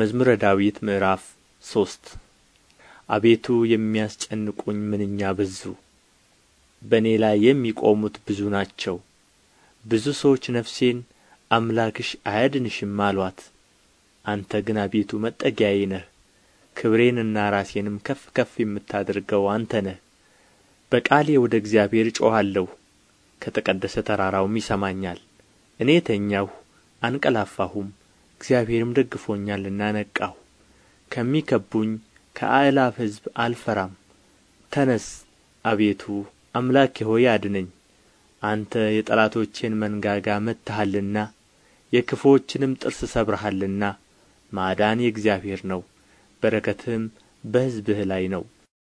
መዝሙረ ዳዊት ምዕራፍ ሶስት አቤቱ የሚያስጨንቁኝ ምንኛ በዙ! በእኔ ላይ የሚቆሙት ብዙ ናቸው። ብዙ ሰዎች ነፍሴን አምላክሽ አያድንሽም አሏት። አንተ ግን አቤቱ መጠጊያዬ ነህ፣ ክብሬንና ራሴንም ከፍ ከፍ የምታደርገው አንተ ነህ። በቃሌ ወደ እግዚአብሔር እጮኻለሁ፣ ከተቀደሰ ተራራውም ይሰማኛል። እኔ ተኛሁ አንቀላፋሁም እግዚአብሔርም ደግፎኛልና ነቃሁ ከሚከቡኝ ከአእላፍ ሕዝብ አልፈራም ተነስ አቤቱ አምላኬ ሆይ አድነኝ አንተ የጠላቶቼን መንጋጋ መትሃልና የክፉዎችንም ጥርስ ሰብረሃልና ማዳን የእግዚአብሔር ነው በረከትህም በሕዝብህ ላይ ነው